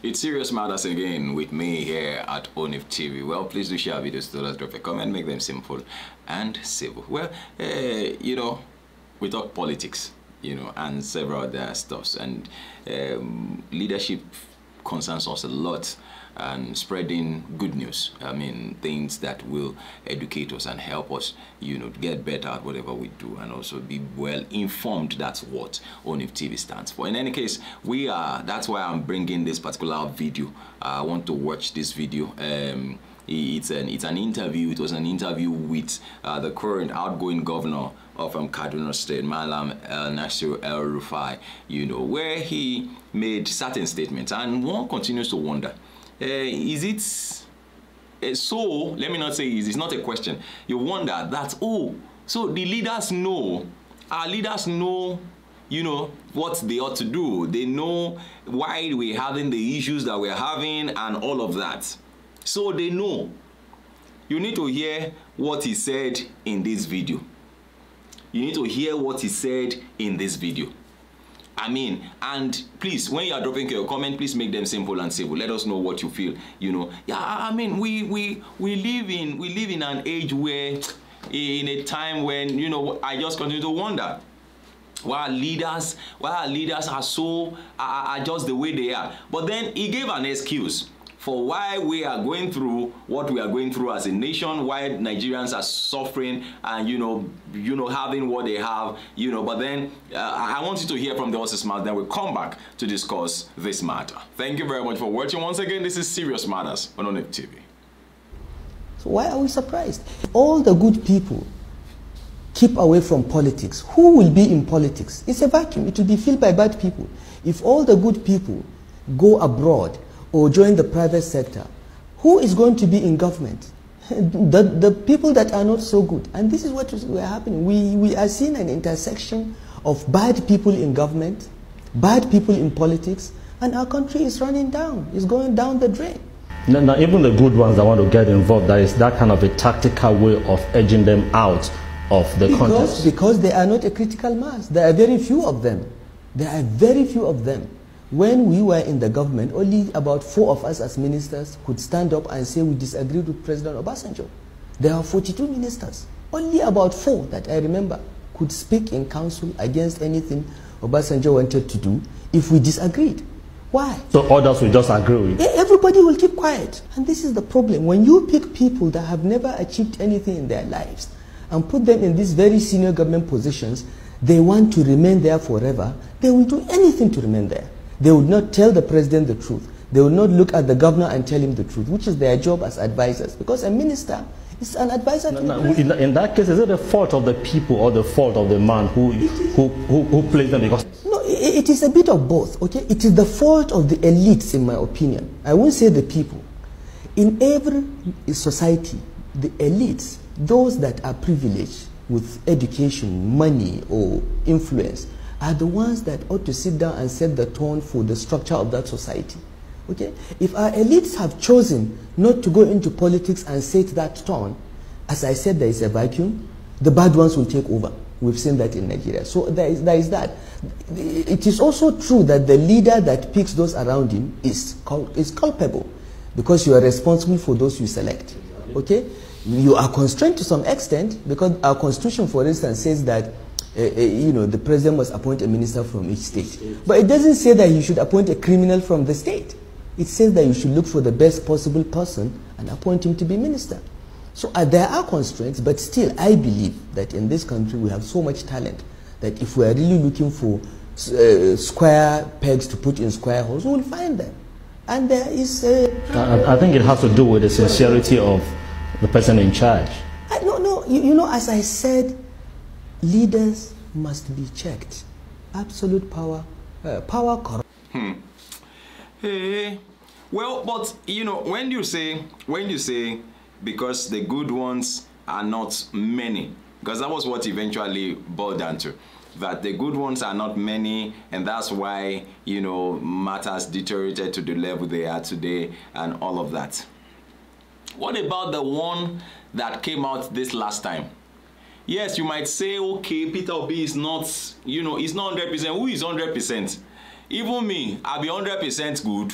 It's Serious Matters again with me here at ONIF TV. Well, please do share videos to us, drop a comment, make them simple and civil. Well, uh, you know, we talk politics, you know, and several other stuffs and um, leadership concerns us a lot and spreading good news. I mean, things that will educate us and help us, you know, get better at whatever we do and also be well informed. That's what ONIF TV stands for. In any case, we are, that's why I'm bringing this particular video. I want to watch this video. Um, it's an, it's an interview. It was an interview with uh, the current outgoing governor from um, Kaduna State, Malam El Nasir El Rufai, you know, where he made certain statements. And one continues to wonder, uh, is it uh, so? Let me not say is, it's not a question. You wonder that, oh, so the leaders know, our leaders know you know what they ought to do they know why we're having the issues that we're having and all of that so they know you need to hear what he said in this video you need to hear what he said in this video. I mean, and please, when you are dropping your comment, please make them simple and civil. Let us know what you feel. You know, yeah, I mean, we we we live in we live in an age where, in a time when you know, I just continue to wonder why leaders why leaders are so are, are just the way they are. But then he gave an excuse for why we are going through what we are going through as a nation, why Nigerians are suffering and, you know, you know, having what they have, you know, but then uh, I want you to hear from the horse's mouth, then we'll come back to discuss this matter. Thank you very much for watching. Once again, this is Serious Matters on ONIP TV. So why are we surprised? All the good people keep away from politics. Who will be in politics? It's a vacuum. It will be filled by bad people. If all the good people go abroad or join the private sector, who is going to be in government? the, the people that are not so good. And this is what is happening. We, we are seeing an intersection of bad people in government, bad people in politics, and our country is running down. It's going down the drain. Now, now even the good ones that want to get involved, that is that kind of a tactical way of edging them out of the because, contest. Because they are not a critical mass. There are very few of them. There are very few of them. When we were in the government, only about four of us as ministers could stand up and say we disagreed with President Obasanjo. There are 42 ministers. Only about four that I remember could speak in council against anything Obasanjo wanted to do if we disagreed. Why? So others will just agree with you. Everybody will keep quiet. And this is the problem. When you pick people that have never achieved anything in their lives and put them in these very senior government positions, they want to remain there forever. They will do anything to remain there. They would not tell the president the truth. They would not look at the governor and tell him the truth, which is their job as advisors. Because a minister is an advisor no, no, in, in, that case, is it the fault of the people or the fault of the man who, who, who, who plays them? Because no, it, it is a bit of both, okay? It is the fault of the elites, in my opinion. I won't say the people. In every society, the elites, those that are privileged with education, money, or influence, are the ones that ought to sit down and set the tone for the structure of that society. Okay? If our elites have chosen not to go into politics and set that tone, as I said, there is a vacuum, the bad ones will take over. We've seen that in Nigeria. So there is, there is that. It is also true that the leader that picks those around him is, cul is culpable because you are responsible for those you select. Okay? You are constrained to some extent because our constitution, for instance, says that uh, you know, the president must appoint a minister from each state. But it doesn't say that you should appoint a criminal from the state. It says that you should look for the best possible person and appoint him to be minister. So uh, there are constraints, but still, I believe that in this country we have so much talent that if we are really looking for uh, square pegs to put in square holes, we will find them. And there is. I, I think it has to do with the sincerity of the person in charge. I, no, no. You, you know, as I said, leaders must be checked. Absolute power, uh, power corrupt. Hmm. Hey. Well, but you know, when you say, when you say, because the good ones are not many, because that was what eventually boiled down to that the good ones are not many and that's why you know matters deteriorated to the level they are today and all of that what about the one that came out this last time yes you might say okay peter obi is not you know he's not 100 percent who is 100 percent even me i be 100 percent good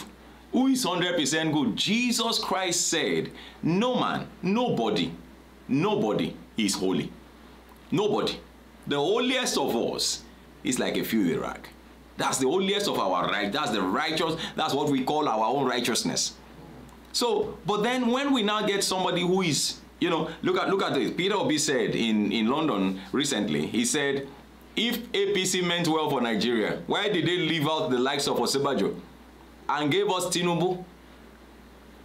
who is 100 percent good jesus christ said no man nobody nobody is holy nobody the holiest of us is like a filthy rag that's the holiest of our right that's the righteous that's what we call our own righteousness so but then when we now get somebody who is you know, look at look at this. Peter Obi said in, in London recently, he said, if APC meant well for Nigeria, why did they leave out the likes of Osibajo and gave us Tinubu?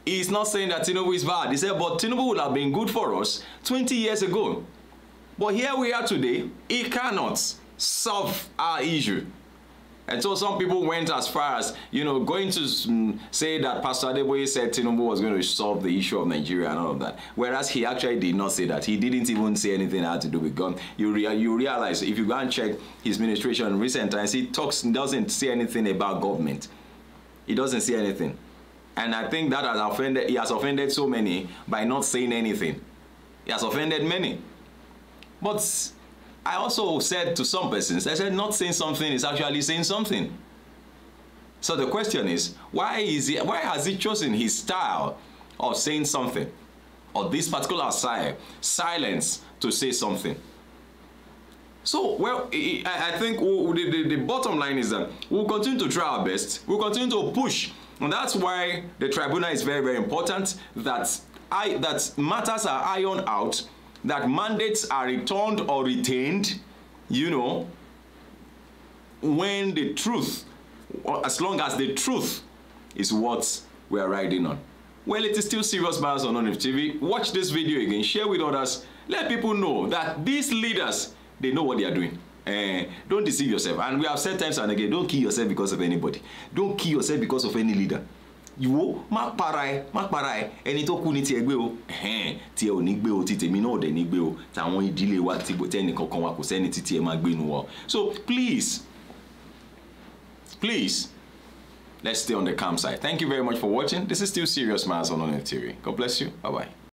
He's not saying that Tinubu is bad. He said, but Tinubu would have been good for us 20 years ago. But here we are today. He cannot solve our issue. And so some people went as far as, you know, going to mm, say that Pastor Adeboye said Tinubu was going to solve the issue of Nigeria and all of that. Whereas he actually did not say that. He didn't even say anything that had to do with gun. You, rea you realize, if you go and check his administration in recent times, he talks, doesn't say anything about government. He doesn't say anything. And I think that has offended, he has offended so many by not saying anything. He has offended many. But I also said to some persons, I said not saying something is actually saying something. So the question is, why is he, why has he chosen his style of saying something, or this particular style, silence to say something? So, well, I think the, bottom line is that we'll continue to try our best. We'll continue to push. And that's why the tribunal is very, very important that, I, that matters are ironed out that mandates are returned or retained, you know, when the truth, as long as the truth is what we are riding on. Well, it is still Serious Matters on ONIF TV. Watch this video again, share with others, let people know that these leaders, they know what they are doing. Uh, don't deceive yourself. And we have said times and again, don't kill yourself because of anybody. Don't kill yourself because of any leader. ìwọ má para ẹ má para ẹ ẹni tó kú ni tiẹ̀ gbé o tiẹ̀ ò ní gbé o ti tèmi náà ò dẹ̀ ní gbé o tàwọn ìdílé wa ti bò kankan wa kò sẹ́ni títí ẹ máa gbé nu wọ so please please let's stay on the calm side thank you very much for watching this is still serious matters on Ononef TV god bless you bye bye.